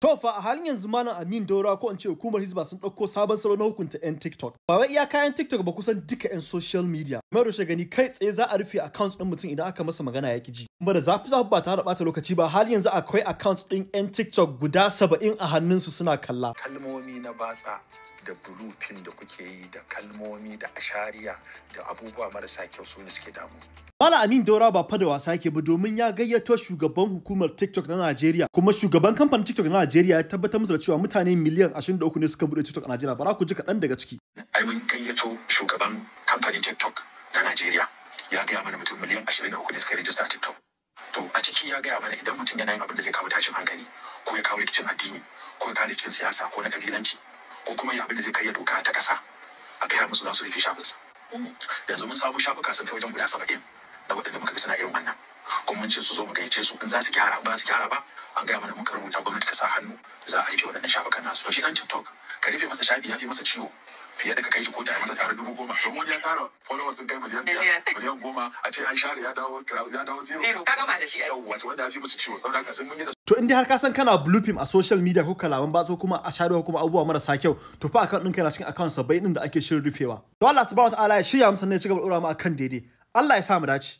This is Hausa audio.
To fa a halin yanzu malam Amin Daura ko an ce hukumar Hizba sun ɗauko sabon salo na hukunta ƴan TikTok. Ba wai iya kayan TikTok ba kusan duka ƴan social media. Mai da gani kai tsaye za a rufe accounts ɗin mutum idan aka masa magana ya ji. kuma da zafi zafi ba tare bata lokaci ba har yanzu akwai account din yan TikTok guda saba'in a hannunsu suna kalla kalmomi na batsa da bulufin da kuke yi da kalmomi da ashariya da abubuwa marasa kyau su ne suke damu Mala Amin Daura ba fa da wasa yake ba domin ya gayyato shugaban hukumar TikTok na Najeriya kuma shugaban kamfanin TikTok na Najeriya ya tabbatar musu da cewa mutane miliyan 23 ne suka bude TikTok a Najeriya bara ku ji kaɗan daga ciki. Ai mun gayyato shugaban kamfanin TikTok na Najeriya ya gaya mana mutum miliyan 23 ne suka rijista a TikTok. sarki ya gaya mana idan mutum yana yin abin da zai kawo tashin hankali ko ya kawo rikicin addini ko ya kawo rikicin siyasa ko na kabilanci ko kuma ya abin da zai karya doka ta ƙasa a gaya musu za su rufe shafinsa yanzu mun samu shafuka sun kai wajen guda saba'in na waɗanda muka bi suna irin wannan kuma mun ce su zo mu gayyace su in za su gyara ba su gyara ba an gaya mana muka rubuta gwamnati ka sa hannu za a rufe waɗannan shafukan nasu to shi dan tiktok ka rufe masa shafi ya fi masa ciwo fiye da ka kai shi ko ta masa tare dubu goma don wani ya tara followers sun kai miliyan biyar miliyan goma a ce an share ya dawo ya dawo zero ka gama da shi yau wato wanda ya fi musu ciwo saboda sun mun yi da to in dai har ka san kana blue film a social media ko kalaman ba kuma a sharewa kuma abubuwa marasa kyau to fa akan ɗinka yana cikin account sabai din da ake shirin rufewa to Allah subhanahu wa ta'ala ya shirya musanne ya ci gaba da ɗora mu akan daidai Allah ya sa mu dace